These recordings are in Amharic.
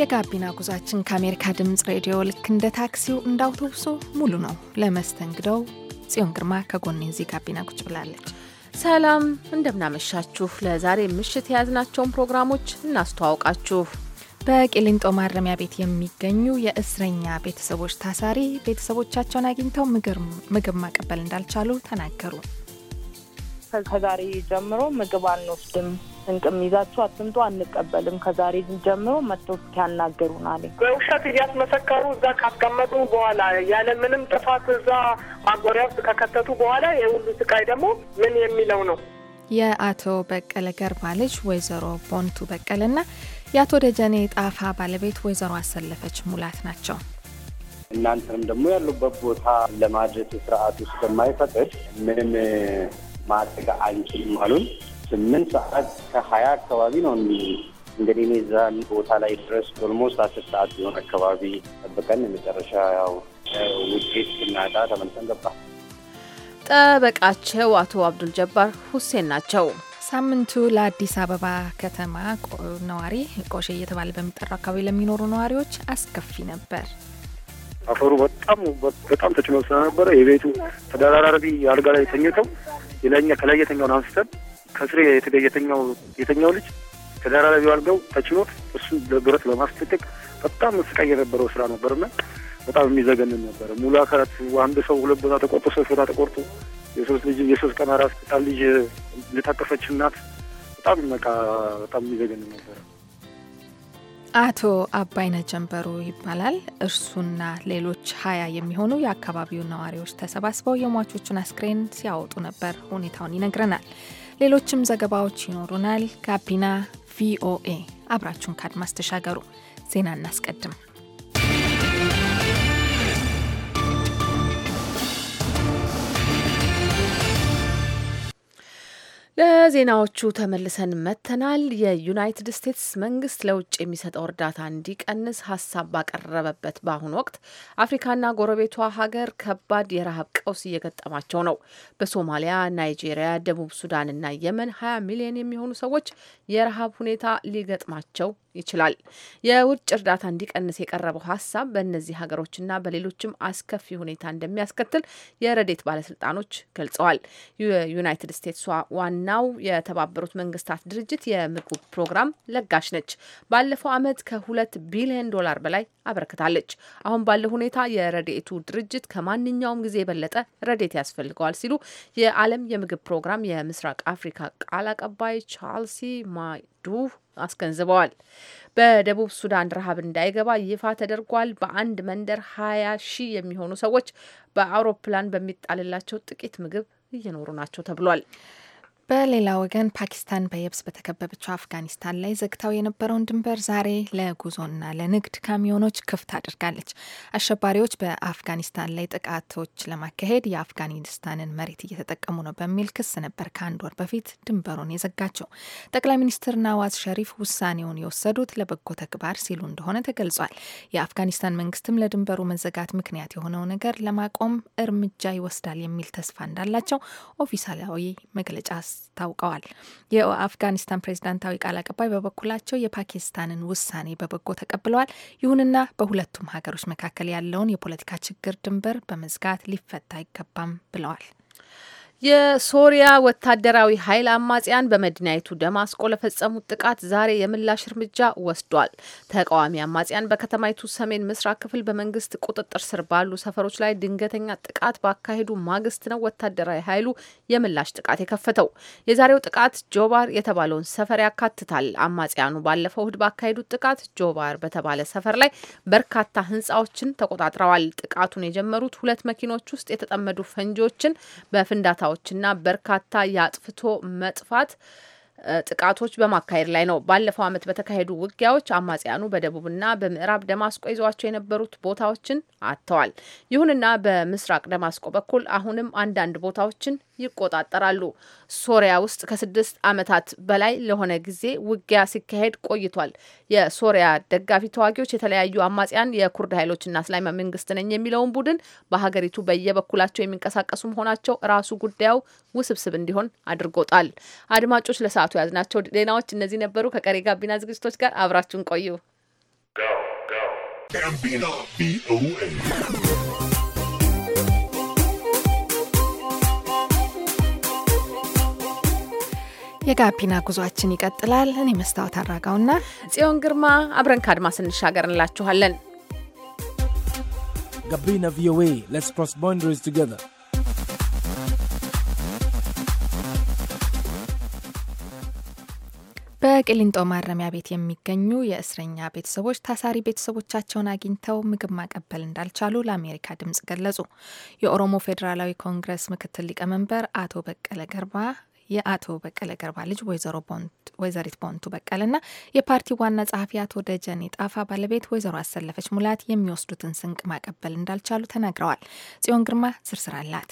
የጋቢና ጉዛችን ከአሜሪካ ድምፅ ሬዲዮ ልክ እንደ ታክሲው እንደ አውቶቡሱ ሙሉ ነው። ለመስተንግደው ጽዮን ግርማ ከጎን እዚህ ጋቢና ቁጭ ብላለች። ሰላም እንደምናመሻችሁ። ለዛሬ ምሽት የያዝናቸውን ፕሮግራሞች እናስተዋውቃችሁ። በቂሊንጦ ማረሚያ ቤት የሚገኙ የእስረኛ ቤተሰቦች ታሳሪ ቤተሰቦቻቸውን አግኝተው ምግብ ማቀበል እንዳልቻሉ ተናገሩ። ከዛሬ ጀምሮ ምግብ አንወስድም እንቅም ይዛችሁ አትምጡ፣ አንቀበልም። ከዛሬ ጀምሮ መጥቶ እስኪያናገሩን አለ። በውሸት እያስመሰከሩ እዛ ካስቀመጡ በኋላ ያለምንም ጥፋት እዛ ማጎሪያ ውስጥ ከከተቱ በኋላ የሁሉ ስቃይ ደግሞ ምን የሚለው ነው? የአቶ በቀለ ገርባ ልጅ ወይዘሮ ቦንቱ በቀለና የአቶ ደጀኔ ጣፋ ባለቤት ወይዘሮ አሰለፈች ሙላት ናቸው። እናንተንም ደግሞ ያሉበት ቦታ ለማድረስ ስርዓቱ ስለማይፈቅድ ምንም ማድረግ አንችልም አሉን። ስምንት ሰዓት ከሀያ አካባቢ ነው እንግዲህ እኔ እዛ ቦታ ላይ ድረስ ኦልሞስት አስር ሰዓት ቢሆን አካባቢ ጠብቀን የመጨረሻ ያው ውጤት ስናጣ ተመልሰን ገባ። ጠበቃቸው አቶ አብዱል ጀባር ሁሴን ናቸው። ሳምንቱ ለአዲስ አበባ ከተማ ነዋሪ ቆሼ እየተባለ በሚጠራው አካባቢ ለሚኖሩ ነዋሪዎች አስከፊ ነበር። አፈሩ በጣም በጣም ተጭኖ ስለነበረ የቤቱ ተደራራቢ አልጋ ላይ የተኘተው የላይኛ ከላይ የተኛውን አንስተን ከስሬ የተገኘው የተኛው ልጅ ተደራራቢ አልገው ተችሎት እሱ ብረት በማስጠቀቅ በጣም ስቃይ የነበረው ስራ ነበርና በጣም የሚዘገንን ነበር። ሙሉ አካላት አንድ ሰው ሁለት ቦታ ተቆርጦ ሶስት ቦታ ተቆርጦ የሶስት ልጅ የሶስት ቀን አራት ህጻን ልጅ ልታቀፈች እናት በጣም በቃ በጣም የሚዘገንን ነበር። አቶ አባይነህ ጀንበሩ ይባላል። እርሱና ሌሎች ሀያ የሚሆኑ የአካባቢው ነዋሪዎች ተሰባስበው የሟቾቹን አስክሬን ሲያወጡ ነበር። ሁኔታውን ይነግረናል። ሌሎችም ዘገባዎች ይኖሩናል። ጋቢና ቪኦኤ አብራችሁን ከአድማስ ተሻገሩ። ዜና እናስቀድም። ለዜናዎቹ ተመልሰን መጥተናል። የዩናይትድ ስቴትስ መንግስት ለውጭ የሚሰጠው እርዳታ እንዲቀንስ ሀሳብ ባቀረበበት በአሁኑ ወቅት አፍሪካና ጎረቤቷ ሀገር ከባድ የረሃብ ቀውስ እየገጠማቸው ነው። በሶማሊያ፣ ናይጄሪያ፣ ደቡብ እና የመን 20 ሚሊዮን የሚሆኑ ሰዎች የረሃብ ሁኔታ ሊገጥማቸው ይችላል። የውጭ እርዳታ እንዲቀንስ የቀረበው ሀሳብ በእነዚህ ሀገሮችና በሌሎችም አስከፊ ሁኔታ እንደሚያስከትል የረዴት ባለስልጣኖች ገልጸዋል። የዩናይትድ ስቴትስ ዋና ዋናው የተባበሩት መንግስታት ድርጅት የምግብ ፕሮግራም ለጋሽ ነች። ባለፈው ዓመት ከሁለት ቢሊዮን ዶላር በላይ አበረክታለች። አሁን ባለው ሁኔታ የረድኤቱ ድርጅት ከማንኛውም ጊዜ የበለጠ ረድኤት ያስፈልገዋል ሲሉ የዓለም የምግብ ፕሮግራም የምስራቅ አፍሪካ ቃል አቀባይ ቻልሲ ማይዱ አስገንዝበዋል። በደቡብ ሱዳን ረሃብ እንዳይገባ ይፋ ተደርጓል። በአንድ መንደር ሀያ ሺህ የሚሆኑ ሰዎች በአውሮፕላን በሚጣልላቸው ጥቂት ምግብ እየኖሩ ናቸው ተብሏል። በሌላ ወገን ፓኪስታን በየብስ በተከበበችው አፍጋኒስታን ላይ ዘግታው የነበረውን ድንበር ዛሬ ለጉዞና ለንግድ ካሚዮኖች ክፍት አድርጋለች። አሸባሪዎች በአፍጋኒስታን ላይ ጥቃቶች ለማካሄድ የአፍጋኒስታንን መሬት እየተጠቀሙ ነው በሚል ክስ ነበር ከአንድ ወር በፊት ድንበሩን የዘጋቸው። ጠቅላይ ሚኒስትር ናዋዝ ሸሪፍ ውሳኔውን የወሰዱት ለበጎ ተግባር ሲሉ እንደሆነ ተገልጿል። የአፍጋኒስታን መንግስትም ለድንበሩ መዘጋት ምክንያት የሆነው ነገር ለማቆም እርምጃ ይወስዳል የሚል ተስፋ እንዳላቸው ኦፊሳላዊ መግለጫ አስታውቀዋል። የአፍጋኒስታን ፕሬዚዳንታዊ ቃል አቀባይ በበኩላቸው የፓኪስታንን ውሳኔ በበጎ ተቀብለዋል። ይሁንና በሁለቱም ሀገሮች መካከል ያለውን የፖለቲካ ችግር ድንበር በመዝጋት ሊፈታ አይገባም ብለዋል። የሶሪያ ወታደራዊ ኃይል አማጽያን በመዲናይቱ ደማስቆ ለፈጸሙት ጥቃት ዛሬ የምላሽ እርምጃ ወስዷል። ተቃዋሚ አማጽያን በከተማይቱ ሰሜን ምስራቅ ክፍል በመንግስት ቁጥጥር ስር ባሉ ሰፈሮች ላይ ድንገተኛ ጥቃት ባካሄዱ ማግስት ነው ወታደራዊ ኃይሉ የምላሽ ጥቃት የከፈተው። የዛሬው ጥቃት ጆባር የተባለውን ሰፈር ያካትታል። አማጽያኑ ባለፈው እሁድ ባካሄዱት ጥቃት ጆባር በተባለ ሰፈር ላይ በርካታ ህንጻዎችን ተቆጣጥረዋል። ጥቃቱን የጀመሩት ሁለት መኪኖች ውስጥ የተጠመዱ ፈንጂዎችን በፍንዳታ ግድያዎችና በርካታ የአጥፍቶ መጥፋት ጥቃቶች በማካሄድ ላይ ነው። ባለፈው ዓመት በተካሄዱ ውጊያዎች አማጽያኑ በደቡብና በምዕራብ ደማስቆ ይዘዋቸው የነበሩት ቦታዎችን አጥተዋል። ይሁንና በምስራቅ ደማስቆ በኩል አሁንም አንዳንድ ቦታዎችን ይቆጣጠራሉ። ሶሪያ ውስጥ ከስድስት ዓመታት በላይ ለሆነ ጊዜ ውጊያ ሲካሄድ ቆይቷል። የሶሪያ ደጋፊ ተዋጊዎች የተለያዩ አማጽያን የኩርድ ኃይሎችና እስላማዊ መንግስት ነኝ የሚለውን ቡድን በሀገሪቱ በየበኩላቸው የሚንቀሳቀሱ መሆናቸው ራሱ ጉዳዩ ውስብስብ እንዲሆን አድርጎታል። አድማጮች ለሰ ለሰዓቱ ያዝናቸው ዜናዎች እነዚህ ነበሩ። ከቀሪ ጋቢና ዝግጅቶች ጋር አብራችሁን ቆዩ። የጋቢና ጉዟችን ይቀጥላል። እኔ መስታወት አራጋውና ጽዮን ግርማ አብረን ካድማ ስንሻገር እንላችኋለን። ጋቢና ቪኦኤ ሌትስ ክሮስ ባውንደሪስ ቱጌዘር በቅሊንጦ ማረሚያ ቤት የሚገኙ የእስረኛ ቤተሰቦች ታሳሪ ቤተሰቦቻቸውን አግኝተው ምግብ ማቀበል እንዳልቻሉ ለአሜሪካ ድምጽ ገለጹ። የኦሮሞ ፌዴራላዊ ኮንግረስ ምክትል ሊቀመንበር አቶ በቀለ ገርባ የአቶ በቀለ ገርባ ልጅ ወይዘሪት ቦንቱ በቀለና የፓርቲ ዋና ጸሐፊ አቶ ደጀኔ ጣፋ ባለቤት ወይዘሮ አሰለፈች ሙላት የሚወስዱትን ስንቅ ማቀበል እንዳልቻሉ ተናግረዋል። ጽዮን ግርማ ዝርዝር አላት።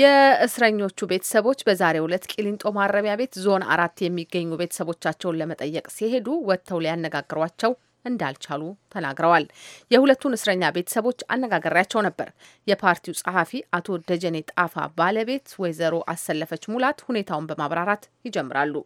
የእስረኞቹ ቤተሰቦች በዛሬው ዕለት ቂሊንጦ ማረሚያ ቤት ዞን አራት የሚገኙ ቤተሰቦቻቸውን ለመጠየቅ ሲሄዱ ወጥተው ሊያነጋግሯቸው እንዳልቻሉ ተናግረዋል። የሁለቱን እስረኛ ቤተሰቦች አነጋገሪያቸው ነበር። የፓርቲው ጸሐፊ አቶ ደጀኔ ጣፋ ባለቤት ወይዘሮ አሰለፈች ሙላት ሁኔታውን በማብራራት ይጀምራሉ።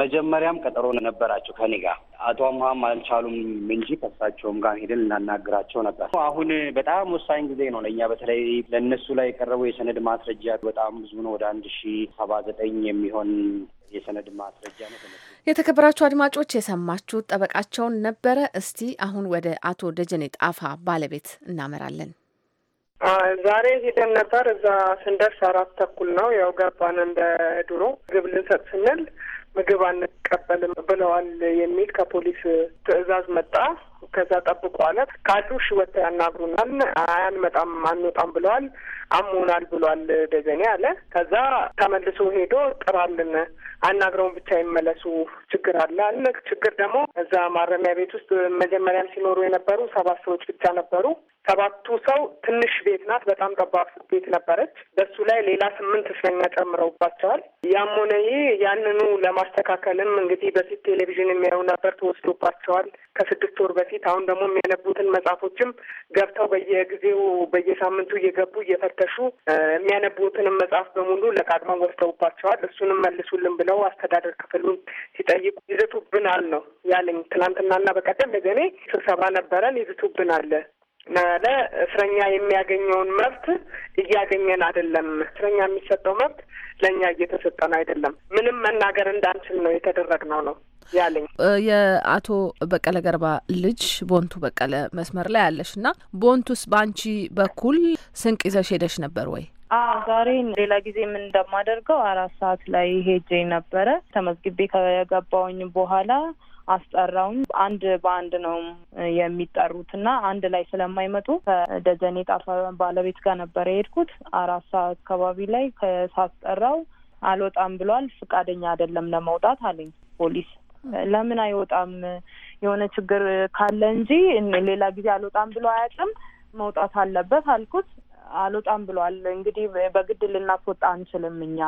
መጀመሪያም ቀጠሮ ነበራቸው ከኔ ጋር አቶ አምሃም አልቻሉም እንጂ ከሳቸውም ጋር ሄደን ልናናግራቸው ነበር። አሁን በጣም ወሳኝ ጊዜ ነው ለእኛ። በተለይ ለእነሱ ላይ የቀረበው የሰነድ ማስረጃ በጣም ብዙ ነው። ወደ አንድ ሺ ሰባ ዘጠኝ የሚሆን የሰነድ ማስረጃ ነው። የተከበራችሁ አድማጮች የሰማችሁ ጠበቃቸውን ነበረ። እስቲ አሁን ወደ አቶ ደጀኔ ጣፋ ባለቤት እናመራለን። ዛሬ ሄደን ነበር። እዛ ስንደርስ አራት ተኩል ነው። ያው ገባን እንደ ድሮ ግብ ልንሰጥ ስንል ምግብ አንቀበልም ብለዋል የሚል ከፖሊስ ትዕዛዝ መጣ። ከዛ ጠብቁ አለ። ካሉሽ ሽወት ያናግሩናል። አያንመጣም አንወጣም ብለዋል። አሞናል ብሏል ደጀኔ አለ። ከዛ ተመልሶ ሄዶ ጥራልን አናግረውን ብቻ ይመለሱ ችግር አለ አለ። ችግር ደግሞ እዛ ማረሚያ ቤት ውስጥ መጀመሪያም ሲኖሩ የነበሩ ሰባት ሰዎች ብቻ ነበሩ። ሰባቱ ሰው ትንሽ ቤት ናት። በጣም ጠባብ ቤት ነበረች። በሱ ላይ ሌላ ስምንት እስረኛ ጨምረውባቸዋል። ያም ሆነ ይህ ያንኑ ለማስተካከልም እንግዲህ በፊት ቴሌቪዥን የሚያዩ ነበር ተወስዶባቸዋል ከስድስት ወር በፊት። አሁን ደግሞ የሚያነቡትን መጽሐፎችም ገብተው በየጊዜው በየሳምንቱ እየገቡ እየፈተሹ የሚያነቡትንም መጽሐፍ በሙሉ ለቃድማ ወስደውባቸዋል። እሱንም መልሱልን ብለው አስተዳደር ክፍሉን ሲጠይቁ ይዘቱብናል ነው ያለኝ። ትናንትናና በቀደም በገኔ ስብሰባ ነበረን። ይዘቱብናል ማለ እስረኛ የሚያገኘውን መብት እያገኘን አይደለም። እስረኛ የሚሰጠው መብት ለእኛ እየተሰጠን አይደለም። ምንም መናገር እንዳንችል ነው የተደረግነው ነው ያለኝ የአቶ በቀለ ገርባ ልጅ ቦንቱ በቀለ መስመር ላይ አለሽ እና ቦንቱስ በአንቺ በኩል ስንቅ ይዘሽ ሄደሽ ነበር ወይ? ዛሬን ሌላ ጊዜ ምን እንደማደርገው አራት ሰዓት ላይ ሄጄ ነበረ። ተመዝግቤ ከገባውኝ በኋላ አስጠራውኝ። አንድ በአንድ ነው የሚጠሩት እና አንድ ላይ ስለማይመጡ ከደጀኔ ጣፋ ባለቤት ጋር ነበረ የሄድኩት። አራት ሰዓት አካባቢ ላይ ሳስጠራው አልወጣም ብሏል፣ ፍቃደኛ አይደለም ለመውጣት አለኝ ፖሊስ። ለምን አይወጣም? የሆነ ችግር ካለ እንጂ ሌላ ጊዜ አልወጣም ብሎ አያውቅም፣ መውጣት አለበት አልኩት። አልወጣም ብሏል። እንግዲህ በግድ ልናስወጣ አንችልም እኛ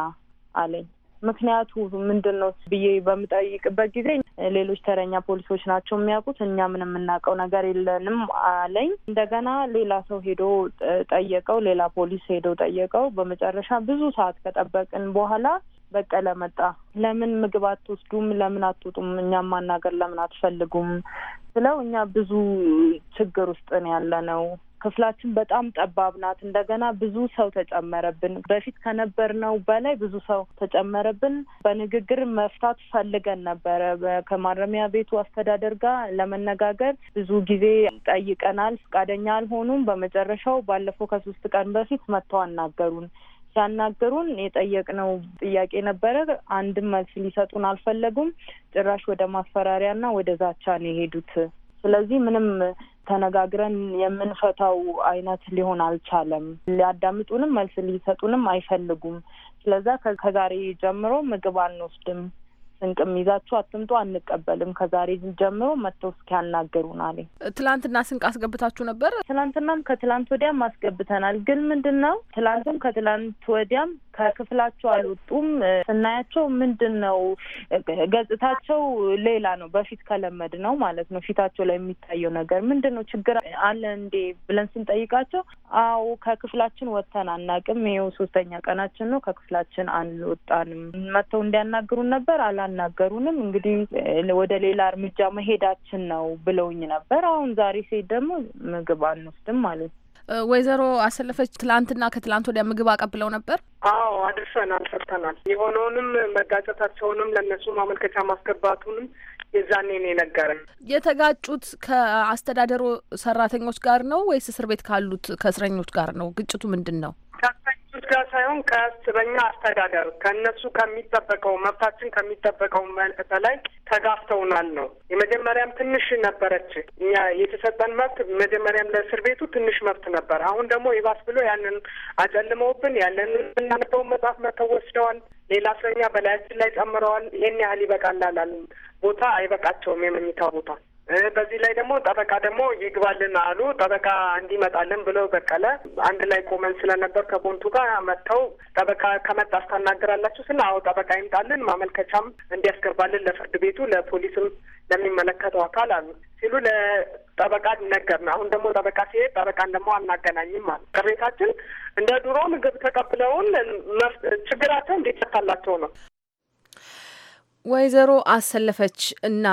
አለኝ። ምክንያቱ ምንድን ነው ብዬ በምጠይቅበት ጊዜ ሌሎች ተረኛ ፖሊሶች ናቸው የሚያውቁት፣ እኛ ምን የምናውቀው ነገር የለንም አለኝ። እንደገና ሌላ ሰው ሄዶ ጠየቀው፣ ሌላ ፖሊስ ሄዶ ጠየቀው። በመጨረሻ ብዙ ሰዓት ከጠበቅን በኋላ በቀለ መጣ። ለምን ምግብ አትወስዱም? ለምን አትወጡም? እኛም ማናገር ለምን አትፈልጉም? ስለው እኛ ብዙ ችግር ውስጥ ነው ያለ ነው ክፍላችን በጣም ጠባብ ናት። እንደገና ብዙ ሰው ተጨመረብን። በፊት ከነበርነው በላይ ብዙ ሰው ተጨመረብን። በንግግር መፍታት ፈልገን ነበረ። ከማረሚያ ቤቱ አስተዳደር ጋር ለመነጋገር ብዙ ጊዜ ጠይቀናል። ፈቃደኛ አልሆኑም። በመጨረሻው ባለፈው ከሶስት ቀን በፊት መጥተው አናገሩን። ሲያናገሩን የጠየቅነው ጥያቄ ነበረ። አንድም መልስ ሊሰጡን አልፈለጉም። ጭራሽ ወደ ማስፈራሪያና ወደ ዛቻ ነው የሄዱት። ስለዚህ ምንም ተነጋግረን የምንፈታው አይነት ሊሆን አልቻለም። ሊያዳምጡንም መልስ ሊሰጡንም አይፈልጉም። ስለዛ ከዛሬ ጀምሮ ምግብ አንወስድም ስንቅም ይዛችሁ አትምጡ፣ አንቀበልም፣ ከዛሬ ጀምሮ መጥተው እስኪያናገሩን አለኝ። ትላንትና ስንቅ አስገብታችሁ ነበር? ትላንትናም ከትላንት ወዲያም አስገብተናል። ግን ምንድን ነው ትላንትም ከትላንት ወዲያም ከክፍላቸው አልወጡም። ስናያቸው ምንድን ነው ገጽታቸው ሌላ ነው፣ በፊት ከለመድ ነው ማለት ነው። ፊታቸው ላይ የሚታየው ነገር ምንድን ነው ችግር አለ እንዴ ብለን ስንጠይቃቸው፣ አዎ ከክፍላችን ወጥተን አናቅም፣ ይኸው ሶስተኛ ቀናችን ነው፣ ከክፍላችን አንወጣንም፣ መጥተው እንዲያናግሩን ነበር አላ አናገሩንም። እንግዲህ ወደ ሌላ እርምጃ መሄዳችን ነው ብለውኝ ነበር። አሁን ዛሬ ሴት ደግሞ ምግብ አንወስድም ማለት ነው። ወይዘሮ አሰለፈች ትላንትና ከትላንት ወዲያ ምግብ አቀብለው ነበር። አዎ አድርሰናል፣ ሰርተናል። የሆነውንም መጋጨታቸውንም ለእነሱ ማመልከቻ ማስገባቱንም የዛኔ ነው የነገረን። የተጋጩት ከአስተዳደሩ ሰራተኞች ጋር ነው ወይስ እስር ቤት ካሉት ከእስረኞች ጋር ነው? ግጭቱ ምንድን ነው? ጋ ጋር ሳይሆን ከእስረኛ አስተዳደር ከእነሱ ከሚጠበቀው መብታችን ከሚጠበቀው በላይ ተጋፍተውናል ነው። የመጀመሪያም ትንሽ ነበረች እኛ የተሰጠን መብት፣ መጀመሪያም ለእስር ቤቱ ትንሽ መብት ነበር። አሁን ደግሞ ይባስ ብሎ ያንን አጨልመውብን ያለን የምናነበውን መጽሐፍ መተው ወስደዋል። ሌላ እስረኛ በላያችን ላይ ጨምረዋል። ይህን ያህል ይበቃላል ቦታ አይበቃቸውም የመኝታ ቦታ በዚህ ላይ ደግሞ ጠበቃ ደግሞ ይግባልን አሉ። ጠበቃ እንዲመጣልን ብለው በቀለ አንድ ላይ ቆመን ስለነበር ከቦንቱ ጋር መጥተው ጠበቃ ከመጣ አስታናግራላችሁ ስና አዎ ጠበቃ ይምጣልን ማመልከቻም እንዲያስገባልን ለፍርድ ቤቱ ለፖሊስም ለሚመለከተው አካል አሉ ሲሉ ለጠበቃ ነገር ነው። አሁን ደግሞ ጠበቃ ሲሄድ ጠበቃን ደግሞ አናገናኝም አሉ። ቅሬታችን እንደ ድሮ ምግብ ተቀብለውን ችግራቸው እንዲፈታላቸው ነው። ወይዘሮ አሰለፈች እና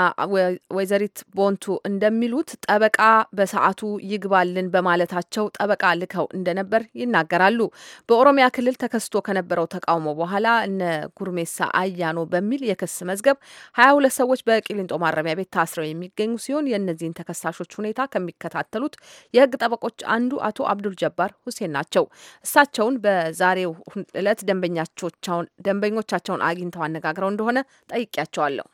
ወይዘሪት ቦንቱ እንደሚሉት ጠበቃ በሰዓቱ ይግባልን በማለታቸው ጠበቃ ልከው እንደነበር ይናገራሉ። በኦሮሚያ ክልል ተከስቶ ከነበረው ተቃውሞ በኋላ እነ ጉርሜሳ አያኖ በሚል የክስ መዝገብ ሀያ ሁለት ሰዎች በቂሊንጦ ማረሚያ ቤት ታስረው የሚገኙ ሲሆን የእነዚህን ተከሳሾች ሁኔታ ከሚከታተሉት የህግ ጠበቆች አንዱ አቶ አብዱል ጀባር ሁሴን ናቸው። እሳቸውን በዛሬው ዕለት ደንበኞቻቸውን አግኝተው አነጋግረው እንደሆነ ጠይቄያቸዋለሁ።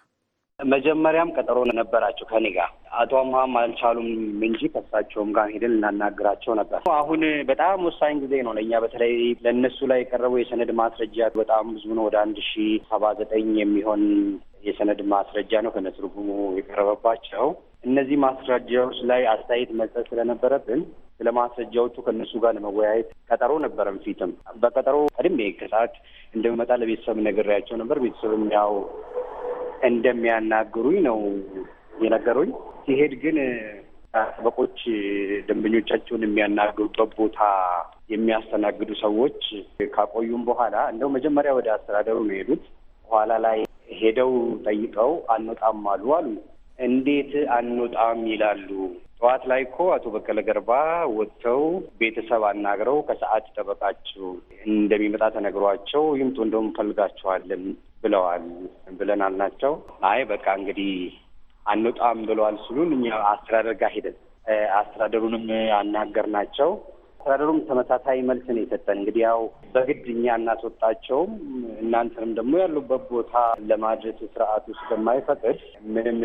መጀመሪያም ቀጠሮ ነበራቸው ከኔ ጋር አቶ አምሃም አልቻሉም እንጂ ከሳቸውም ጋር ሄደን እናናግራቸው ነበር። አሁን በጣም ወሳኝ ጊዜ ነው ለእኛ። በተለይ ለእነሱ ላይ የቀረበው የሰነድ ማስረጃ በጣም ብዙ ነው። ወደ አንድ ሺ ሰባ ዘጠኝ የሚሆን የሰነድ ማስረጃ ነው ከነትርጉሙ የቀረበባቸው። እነዚህ ማስረጃዎች ላይ አስተያየት መስጠት ስለነበረብን ስለማስረጃዎቹ ከእነሱ ጋር ለመወያየት ቀጠሮ ነበረም። ፊትም በቀጠሮ ቀድሜ ከሰዓት እንደመጣ ለቤተሰብ ነግሬያቸው ነበር። ቤተሰብም ያው እንደሚያናግሩኝ ነው የነገሩኝ። ሲሄድ ግን ጠበቆች ደንበኞቻቸውን የሚያናግሩበት ቦታ የሚያስተናግዱ ሰዎች ካቆዩም በኋላ እንደው መጀመሪያ ወደ አስተዳደሩ ነው የሄዱት። በኋላ ላይ ሄደው ጠይቀው አንወጣም አሉ አሉ። እንዴት አንወጣም ይላሉ። ጠዋት ላይ እኮ አቶ በቀለ ገርባ ወጥተው ቤተሰብ አናግረው ከሰዓት ጠበቃችሁ እንደሚመጣ ተነግሯቸው ይምጡ እንደውም ፈልጋችኋለን ብለዋል ብለን አልናቸው። አይ በቃ እንግዲህ አንወጣም ብለዋል ስሉን እኛ አስተዳደር ጋር ሄደን አስተዳደሩንም አናገርናቸው። አስተዳደሩም ተመሳሳይ መልስ ነው የሰጠን። እንግዲህ ያው በግድ እኛ እናስወጣቸውም እናንተንም ደግሞ ያሉበት ቦታ ለማድረስ ውስጥ ስለማይፈቅድ ምንም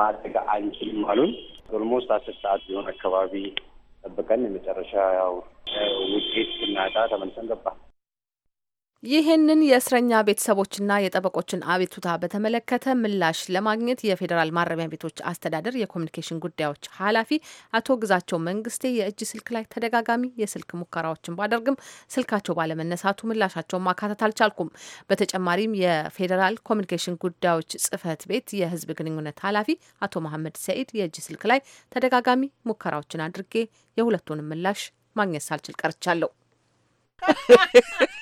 ማድረግ አንችልም አሉን። ኦልሞስት አስር ሰዓት ቢሆን አካባቢ ጠብቀን የመጨረሻ ያው ውጤት ስናጣ ተመልሰን ገባ ይህንን የእስረኛ ቤተሰቦችና የጠበቆችን አቤቱታ በተመለከተ ምላሽ ለማግኘት የፌዴራል ማረሚያ ቤቶች አስተዳደር የኮሚኒኬሽን ጉዳዮች ኃላፊ አቶ ግዛቸው መንግስቴ የእጅ ስልክ ላይ ተደጋጋሚ የስልክ ሙከራዎችን ባደርግም ስልካቸው ባለመነሳቱ ምላሻቸውን ማካተት አልቻልኩም። በተጨማሪም የፌዴራል ኮሚኒኬሽን ጉዳዮች ጽህፈት ቤት የህዝብ ግንኙነት ኃላፊ አቶ መሐመድ ሰኢድ የእጅ ስልክ ላይ ተደጋጋሚ ሙከራዎችን አድርጌ የሁለቱንም ምላሽ ማግኘት ሳልችል ቀርቻለሁ።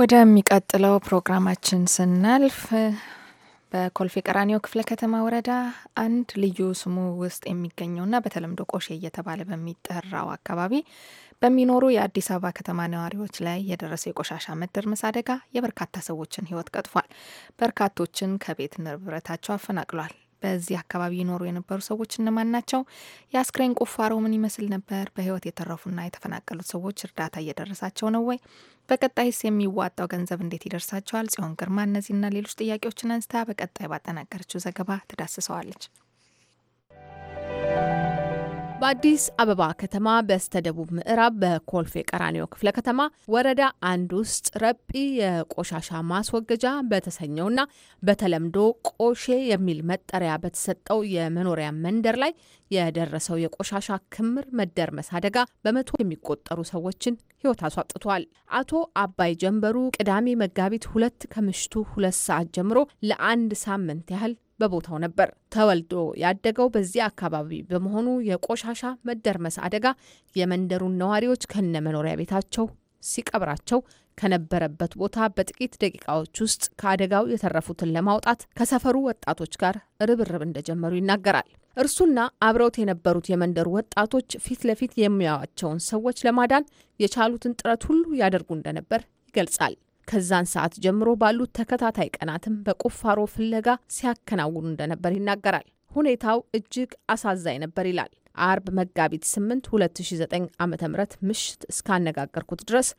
ወደሚቀጥለው ፕሮግራማችን ስናልፍ በኮልፌ ቀራኒዮ ክፍለ ከተማ ወረዳ አንድ ልዩ ስሙ ውስጥ የሚገኘውና በተለምዶ ቆሼ እየተባለ በሚጠራው አካባቢ በሚኖሩ የአዲስ አበባ ከተማ ነዋሪዎች ላይ የደረሰ የቆሻሻ መደርመስ አደጋ የበርካታ ሰዎችን ሕይወት ቀጥፏል። በርካቶችን ከቤት ንብረታቸው አፈናቅሏል። በዚህ አካባቢ ይኖሩ የነበሩ ሰዎች እነማን ናቸው? የአስክሬን ቁፋሮ ምን ይመስል ነበር? በህይወት የተረፉና የተፈናቀሉት ሰዎች እርዳታ እየደረሳቸው ነው ወይ? በቀጣይስ የሚዋጣው ገንዘብ እንዴት ይደርሳቸዋል? ጽዮን ግርማ እነዚህና ሌሎች ጥያቄዎችን አንስታ በቀጣይ ባጠናቀረችው ዘገባ ትዳስሰዋለች። በአዲስ አበባ ከተማ በስተደቡብ ምዕራብ በኮልፌ ቀራኒዮ ክፍለ ከተማ ወረዳ አንድ ውስጥ ረጲ የቆሻሻ ማስወገጃ በተሰኘውና በተለምዶ ቆሼ የሚል መጠሪያ በተሰጠው የመኖሪያ መንደር ላይ የደረሰው የቆሻሻ ክምር መደርመስ አደጋ በመቶ የሚቆጠሩ ሰዎችን ሕይወት አስዋጥቷል። አቶ አባይ ጀንበሩ ቅዳሜ መጋቢት ሁለት ከምሽቱ ሁለት ሰዓት ጀምሮ ለአንድ ሳምንት ያህል በቦታው ነበር። ተወልዶ ያደገው በዚህ አካባቢ በመሆኑ የቆሻሻ መደርመስ አደጋ የመንደሩን ነዋሪዎች ከነ መኖሪያ ቤታቸው ሲቀብራቸው ከነበረበት ቦታ በጥቂት ደቂቃዎች ውስጥ ከአደጋው የተረፉትን ለማውጣት ከሰፈሩ ወጣቶች ጋር ርብርብ እንደጀመሩ ይናገራል። እርሱና አብረውት የነበሩት የመንደሩ ወጣቶች ፊት ለፊት የሚያዋቸውን ሰዎች ለማዳን የቻሉትን ጥረት ሁሉ ያደርጉ እንደነበር ይገልጻል። ከዛን ሰዓት ጀምሮ ባሉት ተከታታይ ቀናትም በቁፋሮ ፍለጋ ሲያከናውኑ እንደነበር ይናገራል። ሁኔታው እጅግ አሳዛኝ ነበር ይላል። አርብ መጋቢት 8 2009 ዓ ም ምሽት እስካነጋገርኩት ድረስ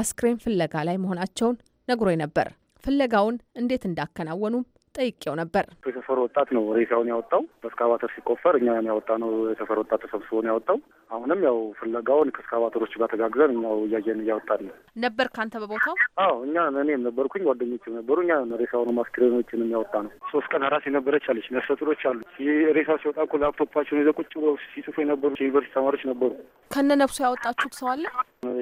አስክሬን ፍለጋ ላይ መሆናቸውን ነግሮኝ ነበር። ፍለጋውን እንዴት እንዳከናወኑም ጠይቄው ነበር። የሰፈር ወጣት ነው ሬሳውን ያወጣው። በእስካባተር ሲቆፈር እኛ ያወጣ ነው የሰፈር ወጣት ተሰብስቦ ነው ያወጣው። አሁንም ያው ፍለጋውን ከእስካባተሮች ጋር ተጋግዘን እኛው እያየን እያወጣ ነው። ነበር ከአንተ በቦታው? አዎ እኛ እኔም ነበርኩኝ፣ ጓደኞች ነበሩ። እኛ ሬሳውን ማስክሬኖችን የሚያወጣ ነው። ሶስት ቀን አራስ የነበረች አለች ነፍሰጡሮች አሉ። ሬሳ ሲወጣ እኮ ላፕቶፓቸውን ይዘው ቁጭ ብለው ሲጽፉ የነበሩ የዩኒቨርሲቲ ተማሪዎች ነበሩ። ከነ ነፍሱ ያወጣችሁት ሰው አለ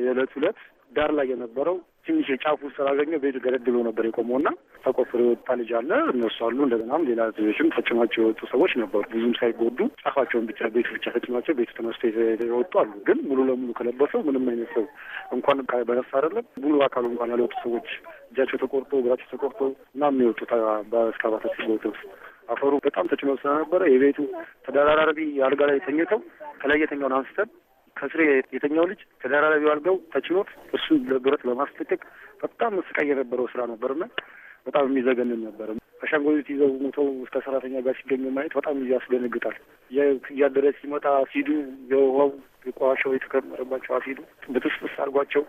የዕለት ዕለት ዳር ላይ የነበረው ትንሽ የጫፉ ስላገኘ ቤቱ ገደድ ብሎ ነበር የቆመው እና ተቆፍሮ የወጣ ልጅ አለ። እነሱ አሉ። እንደገናም ሌላ ዜሽም ተጭኗቸው የወጡ ሰዎች ነበሩ። ብዙም ሳይጎዱ ጫፋቸውን ብቻ ቤቱ ብቻ ተጭኗቸው ቤቱ ተነስቶ የወጡ አሉ። ግን ሙሉ ለሙሉ ከለበሰው ምንም አይነት ሰው እንኳን በነፍስ አይደለም ሙሉ አካሉ እንኳን ያልወጡ ሰዎች እጃቸው ተቆርጦ እግራቸው ተቆርጦ እና የሚወጡ በስካባታ ሲወጡ አፈሩ በጣም ተጭኖ ስለነበረ የቤቱ ተደራራቢ አልጋ ላይ የተኘተው ከላይ የተኛውን አንስተን ከስሬ የተኛው ልጅ ተደራራቢ አልጋው ተችኖት እሱ ለብረት ለማስለቀቅ በጣም ስቃይ የነበረው ስራ ነበርና በጣም የሚዘገንን ነበር። አሻንጉሊት ይዘው ሞተው እስከ ሰራተኛ ጋር ሲገኙ ማየት በጣም ያስደነግጣል። እያደረ ሲመጣ ሲዱ የውሃው የቋሻው የተከመረባቸው አሲዱ በትስጥስ አድርጓቸው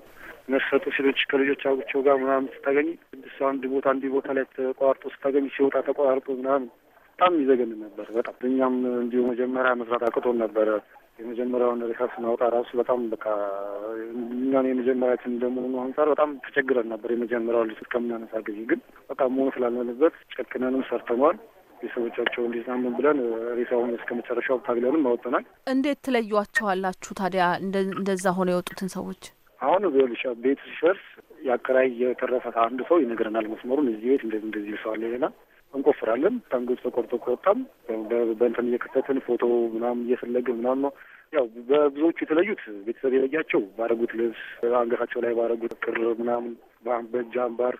ነፍሰ ጡር ሴቶች ከልጆቻቸው ጋር ምናምን ስታገኝ ስድስት አንድ ቦታ አንድ ቦታ ላይ ተቋርጦ ስታገኝ ሲወጣ ተቋርጦ ምናምን በጣም ይዘገን ነበር። በጣም እኛም እንዲሁ መጀመሪያ መስራት አቅቶን ነበረ። የመጀመሪያውን ሪሳርች ስናወጣ ራሱ በጣም በቃ እኛን የመጀመሪያችን እንደመሆኑ አንጻር በጣም ተቸግረን ነበር። የመጀመሪያው ልጅ እስከምናነሳ ጊዜ ግን በቃ መሆን ስላለንበት ጨክነንም ሰርተነዋል። ቤተሰቦቻቸው እንዲዛምን ብለን ሬሳውን እስከ መጨረሻው ታግለንም አወጥተናል። እንዴት ትለዩዋቸዋላችሁ ታዲያ እንደዛ ሆነ የወጡትን ሰዎች? አሁን ቢሆልሻ ቤቱ ሲፈርስ የአከራይ የተረፈ አንድ ሰው ይነግረናል መስመሩን እዚህ ቤት እንደዚህ ሰው አለ ይለናል። እንቆፍራለን። ታንግስ ተቆርጦ ከወጣም በእንትን እየከተትን ፎቶ ምናም እየፈለግን ምናም ነው። ያው በብዙዎቹ የተለዩት ቤተሰብ የለያቸው ባረጉት ልብስ፣ አንገታቸው ላይ ባረጉት ቅር ምናምን፣ በእጅ አምባር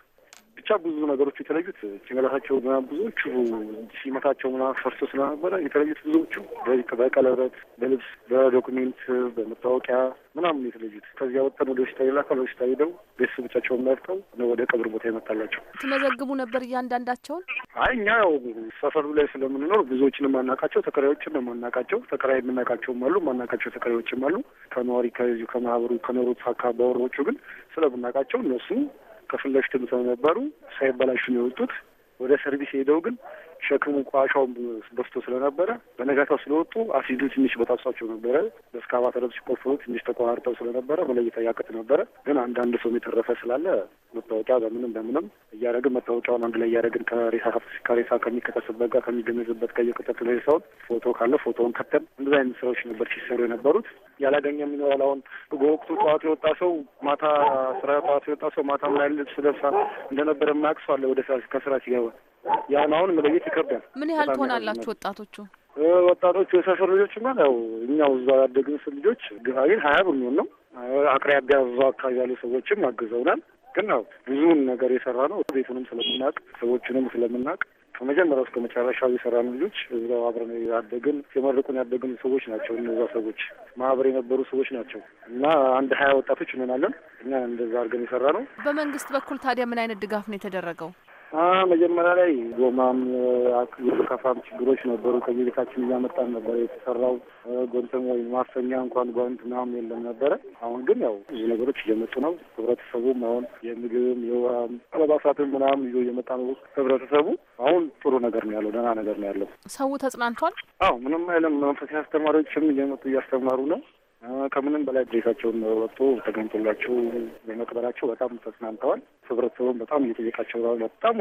ብቻ ብዙ ነገሮች የተለዩት ጭንቅላታቸው ብዙዎቹ ሲመታቸው ምናምን ፈርሶ ስለነበረ የተለዩት ብዙዎቹ በቀለበት፣ በልብስ፣ በዶኩሜንት፣ በመታወቂያ ምናምን የተለዩት። ከዚያ ወጥተን ወደ በሽታ ሌላ ካል ሄደው ቤተሰቦቻቸውን መርጠው ወደ ቀብር ቦታ ይመጣላቸው። ትመዘግቡ ነበር እያንዳንዳቸውን? አይ እኛ ያው ሰፈሩ ላይ ስለምንኖር ብዙዎችን የማናቃቸው ተከራዮችን የማናቃቸው ተከራይ የምናቃቸውም አሉ የማናቃቸው ተከራዮችም አሉ። ከነዋሪ ከዚሁ ከማህበሩ ከኖሩት አካባቢ ባወሮቹ ግን ስለምናቃቸው እነሱ ከፊት ለፊትም ሰው ነበሩ ሳይበላሹ ነው የወጡት። ወደ ሰርቪስ ሄደው ግን ሸክሙ ቋሻው በስቶ ስለነበረ በነጋታው ስለወጡ አሲድን ትንሽ በጣሳቸው ነበረ። በእስካቫተር ሲቆፍሩ ትንሽ ተቆራርጠው ስለነበረ መለየት ያቀት ነበረ። ግን አንዳንድ ሰው የተረፈ ስላለ መታወቂያ በምንም በምንም እያደረግን መታወቂያውን አንድ ላይ እያደረግን ከሬሳ ከሚከተስበት ጋር ከሚገመዝበት ከየቅጠት ላይ ሰውን ፎቶ ካለ ፎቶውን ከተን እንደዚ አይነት ስራዎች ነበር ሲሰሩ የነበሩት። ያላገኘ ይኖራል። አሁን በወቅቱ ጠዋት የወጣ ሰው ማታ ስራ ጠዋት የወጣ ሰው ማታ ላይ ልብስ ለብሳ እንደነበረ የማያውቅ አለ ወደ ስራ ከስራ ሲገባ ያን አሁን መለየት በእውነት ይከብዳል። ምን ያህል ትሆናላችሁ ወጣቶቹ? ወጣቶቹ የሰፈር ልጆች ማ ያው እኛው እዛ ያደግን ስ ልጆች ግን ሀያ ብንሆን ነው። አቅራቢያ እዛ አካባቢ ያሉ ሰዎችም አግዘውናል። ግን ያው ብዙውን ነገር የሰራ ነው ቤቱንም ስለምናውቅ ሰዎቹንም ስለምናውቅ ከመጀመሪያው እስከ መጨረሻ የሰራን ልጆች እዛው አብረን ያደግን የመርቁን ያደግን ሰዎች ናቸው። እነዛ ሰዎች ማህበር የነበሩ ሰዎች ናቸው እና አንድ ሀያ ወጣቶች እንሆናለን። እኛ እንደዛ አድርገን የሰራ ነው። በመንግስት በኩል ታዲያ ምን አይነት ድጋፍ ነው የተደረገው? መጀመሪያ ላይ ጎማም የካፋም ችግሮች ነበሩ። ከየቤታችን እያመጣን ነበረ የተሰራው ጎንተም ወይ ማፈኛ እንኳን ጓንት ምናምን የለም ነበረ። አሁን ግን ያው ብዙ ነገሮች እየመጡ ነው። ህብረተሰቡም አሁን የምግብም የውሃም አለባሳትም ምናምን ይዞ እየመጣ ነው። ህብረተሰቡ አሁን ጥሩ ነገር ነው ያለው፣ ደህና ነገር ነው ያለው። ሰው ተጽናንቷል። አዎ ምንም አይለም። መንፈሳዊ አስተማሪዎችም እየመጡ እያስተማሩ ነው። ከምንም በላይ ድሬታቸውን ወጥቶ ተገኝቶላቸው በመቅበራቸው በጣም ተጽናንተዋል። ህብረተሰቡን በጣም እየጠየቃቸው በጣም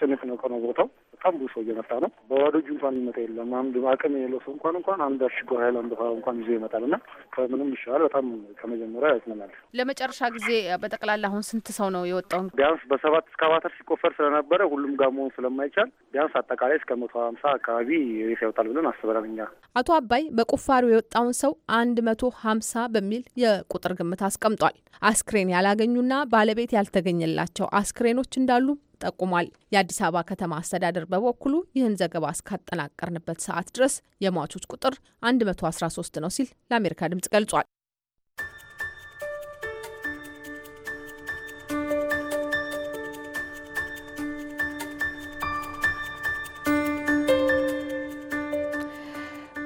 ጭንቅ ነው። ቦታው በጣም ብዙ ሰው እየመጣ ነው። በባዶ እጁ እንኳን ይመጣ የለም። አንድ አቅም የሌለው ሰው እንኳን እንኳን አንድ አሽጎ ሀይላንድ ውሃ እንኳን ይዞ ይመጣል እና ከምንም ይሻላል። በጣም ከመጀመሪያ ያዝመናል። ለመጨረሻ ጊዜ በጠቅላላ አሁን ስንት ሰው ነው የወጣው? ቢያንስ በሰባት እስካቫተር ሲቆፈር ስለነበረ ሁሉም ጋር መሆን ስለማይቻል ቢያንስ አጠቃላይ እስከ መቶ ሀምሳ አካባቢ ሬሳ ይወጣል ብለን አስበናል እኛ። አቶ አባይ በቁፋሩ የወጣውን ሰው አንድ መቶ ሀምሳ በሚል የቁጥር ግምት አስቀምጧል። አስክሬን ያላገኙና ባለቤት ያልተገኘላ የሌላቸው አስክሬኖች እንዳሉ ጠቁሟል። የአዲስ አበባ ከተማ አስተዳደር በበኩሉ ይህን ዘገባ እስካጠናቀርንበት ሰዓት ድረስ የሟቾች ቁጥር 113 ነው ሲል ለአሜሪካ ድምጽ ገልጿል።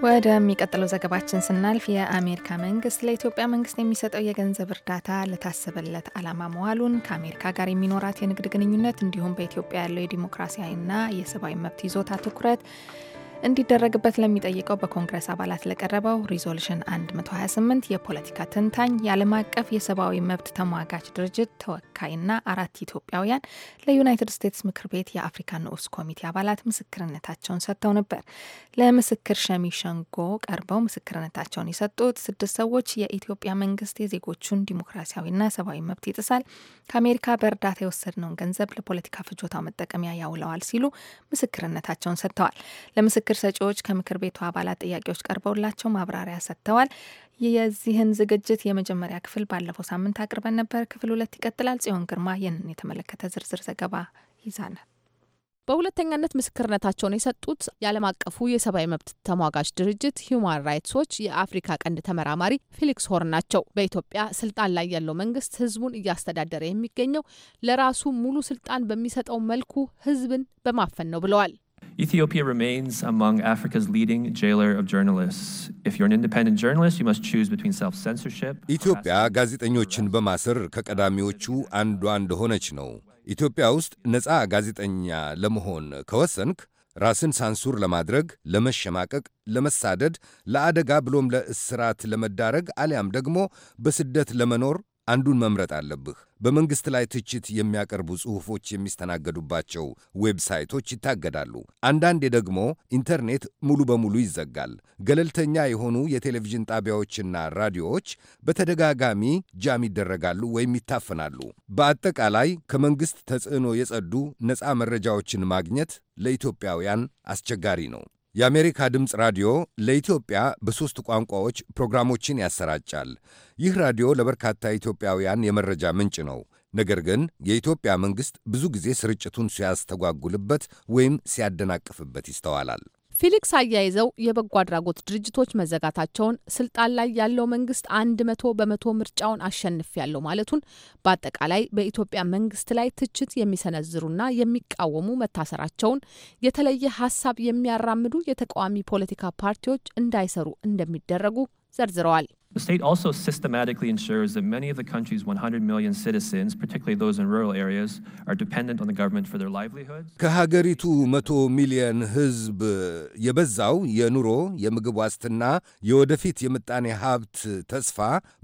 ወደሚቀጥለው ዘገባችን ስናልፍ የአሜሪካ መንግስት ለኢትዮጵያ መንግስት የሚሰጠው የገንዘብ እርዳታ ለታሰበለት ዓላማ መዋሉን ከአሜሪካ ጋር የሚኖራት የንግድ ግንኙነት እንዲሁም በኢትዮጵያ ያለው የዲሞክራሲያዊና የሰብአዊ መብት ይዞታ ትኩረት እንዲደረግበት ለሚጠይቀው በኮንግረስ አባላት ለቀረበው ሪዞሉሽን 128 የፖለቲካ ትንታኝ የዓለም አቀፍ የሰብአዊ መብት ተሟጋች ድርጅት ተወካይና አራት ኢትዮጵያውያን ለዩናይትድ ስቴትስ ምክር ቤት የአፍሪካ ንዑስ ኮሚቴ አባላት ምስክርነታቸውን ሰጥተው ነበር። ለምስክር ሸሚ ሸንጎ ቀርበው ምስክርነታቸውን የሰጡት ስድስት ሰዎች የኢትዮጵያ መንግስት የዜጎቹን ዲሞክራሲያዊና ሰብአዊ መብት ይጥሳል፣ ከአሜሪካ በእርዳታ የወሰድነውን ገንዘብ ለፖለቲካ ፍጆታ መጠቀሚያ ያውለዋል ሲሉ ምስክርነታቸውን ሰጥተዋል። ምክር ሰጪዎች ከምክር ቤቱ አባላት ጥያቄዎች ቀርበውላቸው ማብራሪያ ሰጥተዋል። የዚህን ዝግጅት የመጀመሪያ ክፍል ባለፈው ሳምንት አቅርበን ነበር። ክፍል ሁለት ይቀጥላል። ጽዮን ግርማ ይህንን የተመለከተ ዝርዝር ዘገባ ይዛናል። በሁለተኛነት ምስክርነታቸውን የሰጡት የዓለም አቀፉ የሰብአዊ መብት ተሟጋች ድርጅት ሂዩማን ራይትስ ዎች የአፍሪካ ቀንድ ተመራማሪ ፊሊክስ ሆርን ናቸው። በኢትዮጵያ ስልጣን ላይ ያለው መንግስት ህዝቡን እያስተዳደረ የሚገኘው ለራሱ ሙሉ ስልጣን በሚሰጠው መልኩ ህዝብን በማፈን ነው ብለዋል። Ethiopia remains among Africa's leading jailer of journalists. If you're an independent journalist, you must choose between self-censorship. ኢትዮጵያ ጋዜጠኞችን በማሰር ከቀዳሚዎቹ አንዷ እንደሆነች ነው። ኢትዮጵያ ውስጥ ነፃ ጋዜጠኛ ለመሆን ከወሰንክ ራስን ሳንሱር ለማድረግ፣ ለመሸማቀቅ፣ ለመሳደድ፣ ለአደጋ ብሎም ለእስራት ለመዳረግ አሊያም ደግሞ በስደት ለመኖር አንዱን መምረጥ አለብህ። በመንግሥት ላይ ትችት የሚያቀርቡ ጽሑፎች የሚስተናገዱባቸው ዌብሳይቶች ይታገዳሉ። አንዳንዴ ደግሞ ኢንተርኔት ሙሉ በሙሉ ይዘጋል። ገለልተኛ የሆኑ የቴሌቪዥን ጣቢያዎችና ራዲዮዎች በተደጋጋሚ ጃም ይደረጋሉ ወይም ይታፈናሉ። በአጠቃላይ ከመንግሥት ተጽዕኖ የጸዱ ነፃ መረጃዎችን ማግኘት ለኢትዮጵያውያን አስቸጋሪ ነው። የአሜሪካ ድምፅ ራዲዮ ለኢትዮጵያ በሦስት ቋንቋዎች ፕሮግራሞችን ያሰራጫል። ይህ ራዲዮ ለበርካታ ኢትዮጵያውያን የመረጃ ምንጭ ነው። ነገር ግን የኢትዮጵያ መንግሥት ብዙ ጊዜ ስርጭቱን ሲያስተጓጉልበት ወይም ሲያደናቅፍበት ይስተዋላል። ፊሊክስ አያይዘው የበጎ አድራጎት ድርጅቶች መዘጋታቸውን ስልጣን ላይ ያለው መንግስት አንድ መቶ በመቶ ምርጫውን አሸንፍ ያለው ማለቱን በአጠቃላይ በኢትዮጵያ መንግስት ላይ ትችት የሚሰነዝሩና የሚቃወሙ መታሰራቸውን የተለየ ሀሳብ የሚያራምዱ የተቃዋሚ ፖለቲካ ፓርቲዎች እንዳይሰሩ እንደሚደረጉ ዘርዝረዋል። The state also systematically ensures that many of the country's 100 million citizens, particularly those in rural areas, are dependent on the government for their livelihoods. ከሀገሪቱ መቶ ሚሊዮን ሕዝብ የበዛው የኑሮ የምግብ ዋስትና የወደፊት የምጣኔ ሀብት ተስፋ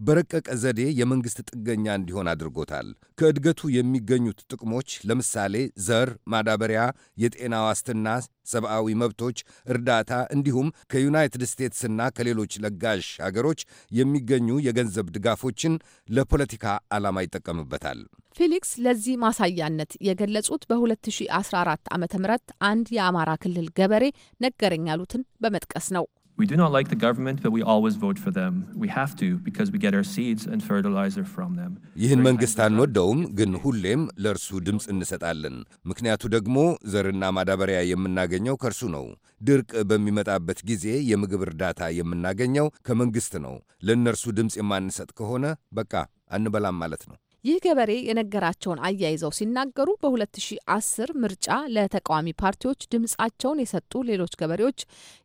በረቀቀ ዘዴ የመንግሥት ጥገኛ እንዲሆን አድርጎታል። ከእድገቱ የሚገኙት ጥቅሞች ለምሳሌ ዘር፣ ማዳበሪያ፣ የጤና ዋስትና ሰብአዊ መብቶች፣ እርዳታ እንዲሁም ከዩናይትድ ስቴትስና ከሌሎች ለጋሽ አገሮች የሚገኙ የገንዘብ ድጋፎችን ለፖለቲካ ዓላማ ይጠቀምበታል። ፊሊክስ ለዚህ ማሳያነት የገለጹት በ2014 ዓ ም አንድ የአማራ ክልል ገበሬ ነገረኝ ያሉትን በመጥቀስ ነው። We do not like the government, but we always vote for them. We have to, because we get our seeds and fertilizer from them. ይህን መንግስት አንወደውም፣ ግን ሁሌም ለእርሱ ድምፅ እንሰጣለን። ምክንያቱ ደግሞ ዘርና ማዳበሪያ የምናገኘው ከእርሱ ነው። ድርቅ በሚመጣበት ጊዜ የምግብ እርዳታ የምናገኘው ከመንግስት ነው። ለእነርሱ ድምፅ የማንሰጥ ከሆነ በቃ አንበላም ማለት ነው። ይህ ገበሬ የነገራቸውን አያይዘው ሲናገሩ በ2010 ምርጫ ለተቃዋሚ ፓርቲዎች ድምጻቸውን የሰጡ ሌሎች ገበሬዎች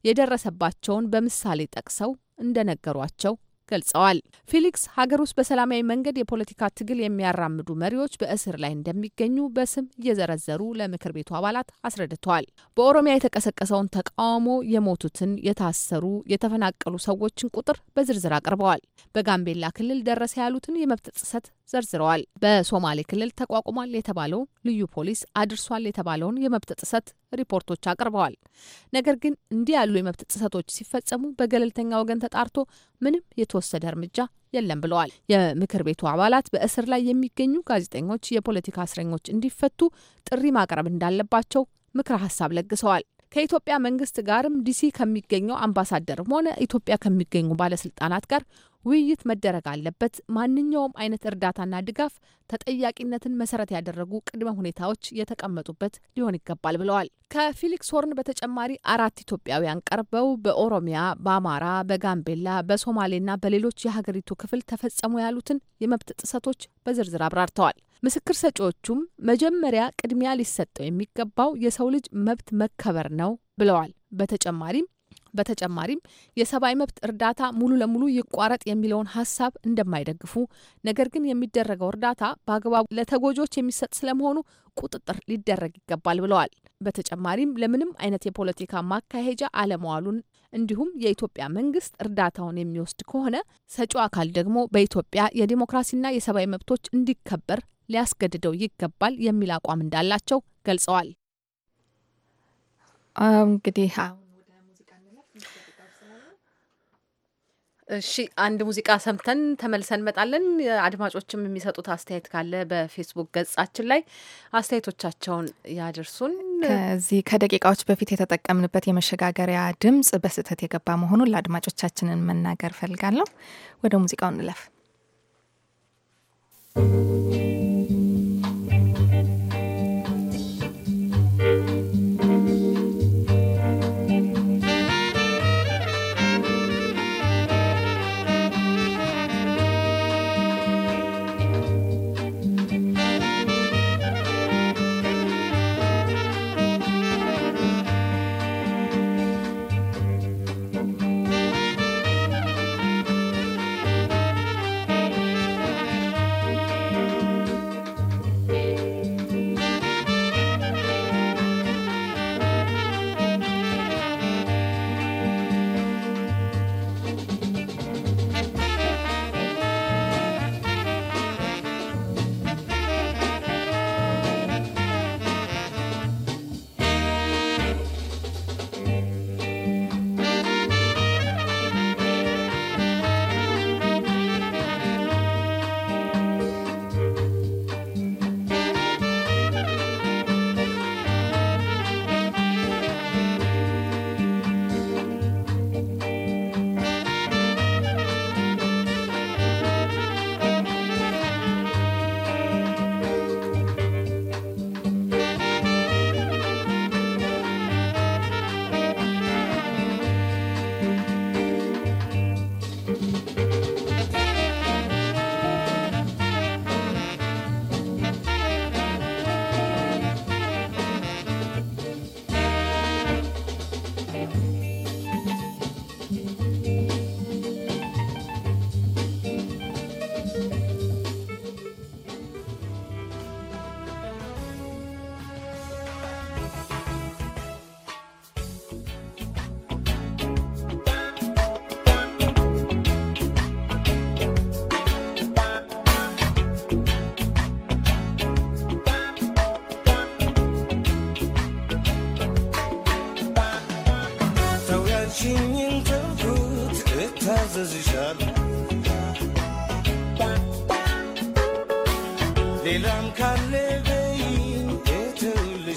የደረሰባቸውን በምሳሌ ጠቅሰው እንደነገሯቸው ገልጸዋል። ፊሊክስ ሀገር ውስጥ በሰላማዊ መንገድ የፖለቲካ ትግል የሚያራምዱ መሪዎች በእስር ላይ እንደሚገኙ በስም እየዘረዘሩ ለምክር ቤቱ አባላት አስረድተዋል። በኦሮሚያ የተቀሰቀሰውን ተቃውሞ የሞቱትን፣ የታሰሩ፣ የተፈናቀሉ ሰዎችን ቁጥር በዝርዝር አቅርበዋል። በጋምቤላ ክልል ደረሰ ያሉትን የመብት ጥሰት ዘርዝረዋል። በሶማሌ ክልል ተቋቁሟል የተባለው ልዩ ፖሊስ አድርሷል የተባለውን የመብት ጥሰት ሪፖርቶች አቅርበዋል። ነገር ግን እንዲህ ያሉ የመብት ጥሰቶች ሲፈጸሙ በገለልተኛ ወገን ተጣርቶ ምንም የተወሰደ እርምጃ የለም ብለዋል። የምክር ቤቱ አባላት በእስር ላይ የሚገኙ ጋዜጠኞች፣ የፖለቲካ እስረኞች እንዲፈቱ ጥሪ ማቅረብ እንዳለባቸው ምክረ ሀሳብ ለግሰዋል። ከኢትዮጵያ መንግስት ጋርም ዲሲ ከሚገኘው አምባሳደርም ሆነ ኢትዮጵያ ከሚገኙ ባለስልጣናት ጋር ውይይት መደረግ አለበት። ማንኛውም አይነት እርዳታና ድጋፍ ተጠያቂነትን መሰረት ያደረጉ ቅድመ ሁኔታዎች የተቀመጡበት ሊሆን ይገባል ብለዋል። ከፊሊክስ ሆርን በተጨማሪ አራት ኢትዮጵያውያን ቀርበው በኦሮሚያ፣ በአማራ፣ በጋምቤላ፣ በሶማሌና በሌሎች የሀገሪቱ ክፍል ተፈጸሙ ያሉትን የመብት ጥሰቶች በዝርዝር አብራርተዋል። ምስክር ሰጪዎቹም መጀመሪያ ቅድሚያ ሊሰጠው የሚገባው የሰው ልጅ መብት መከበር ነው ብለዋል። በተጨማሪም በተጨማሪም የሰብአዊ መብት እርዳታ ሙሉ ለሙሉ ይቋረጥ የሚለውን ሀሳብ እንደማይደግፉ፣ ነገር ግን የሚደረገው እርዳታ በአግባቡ ለተጎጆች የሚሰጥ ስለመሆኑ ቁጥጥር ሊደረግ ይገባል ብለዋል። በተጨማሪም ለምንም አይነት የፖለቲካ ማካሄጃ አለመዋሉን እንዲሁም የኢትዮጵያ መንግስት እርዳታውን የሚወስድ ከሆነ ሰጪው አካል ደግሞ በኢትዮጵያ የዲሞክራሲና የሰብአዊ መብቶች እንዲከበር ሊያስገድደው ይገባል የሚል አቋም እንዳላቸው ገልጸዋል። እንግዲህ እሺ አንድ ሙዚቃ ሰምተን ተመልሰን እንመጣለን። አድማጮችም የሚሰጡት አስተያየት ካለ በፌስቡክ ገጻችን ላይ አስተያየቶቻቸውን ያደርሱን። ከዚህ ከደቂቃዎች በፊት የተጠቀምንበት የመሸጋገሪያ ድምጽ በስህተት የገባ መሆኑን ለአድማጮቻችንን መናገር ፈልጋለሁ። ወደ ሙዚቃው እንለፍ።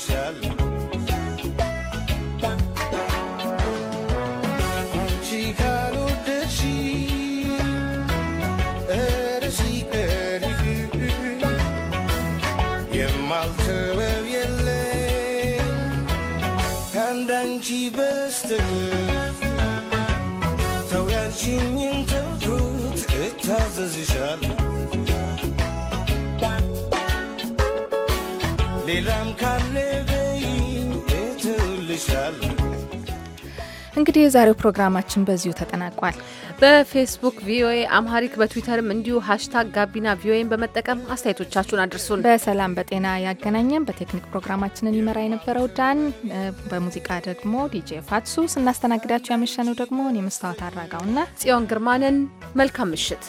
shall እንግዲህ የዛሬው ፕሮግራማችን በዚሁ ተጠናቋል። በፌስቡክ ቪኦኤ አምሃሪክ፣ በትዊተርም እንዲሁ ሀሽታግ ጋቢና ቪኦኤን በመጠቀም አስተያየቶቻችሁን አድርሱን። በሰላም በጤና ያገናኘን። በቴክኒክ ፕሮግራማችንን ይመራ የነበረው ዳን፣ በሙዚቃ ደግሞ ዲጄ ፋትሱ፣ ስናስተናግዳችሁ ያመሸነው ደግሞ እኔ መስታወት አራጋውና ጽዮን ግርማንን። መልካም ምሽት።